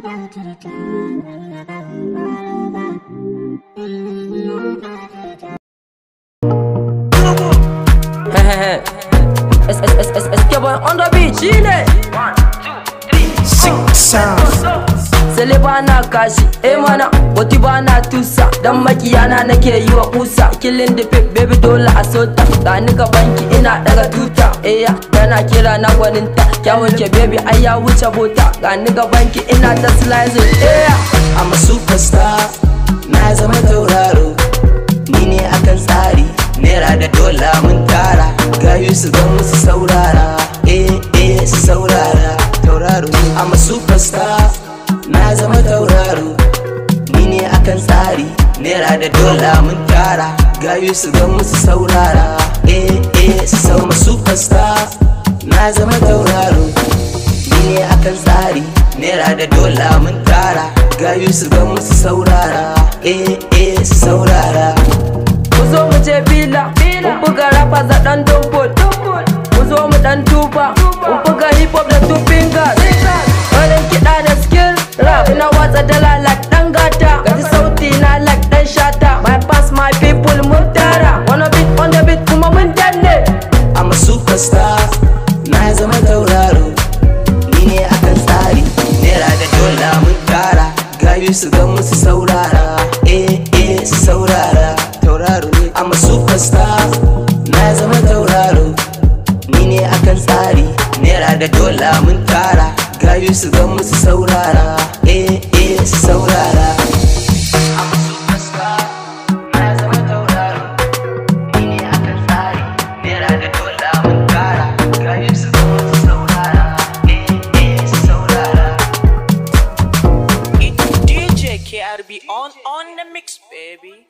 Es, es, es, es, que voy on the beach, Chile. One, two, three, Six sounds. zale ba na kashi eh mana wati ba na tusa dan makiyana nake yi wa kusa killing the pip baby dole a sota ga ni ka banki ina daga tuta eh tana kira na gwaninta kyawun ke baby ai ya wuce bota ga ni ka banki ina ta slice eh I'm a superstar na zama tauraro ni ne akan tsari naira da dola mun tara gayu su zama su saurara eh eh su saurara tauraro I'm a superstar kan tsari naira da dola mun tara gayu su ga musu saurara eh eh su masu fasta na zama tauraro ni a akan tsari naira da dola mun tara gayu su ga musu saurara eh eh su saurara mu zo mu je fila mu buga rafa za dan dumbul mu zo mu dan tuba su ga musu saurara eh eh su saurara tauraro ne amma superstar na zama tauraro ni ne akan tsari naira da dola mun tara gayu su ga musu saurara eh eh su gotta be on on the mix, baby.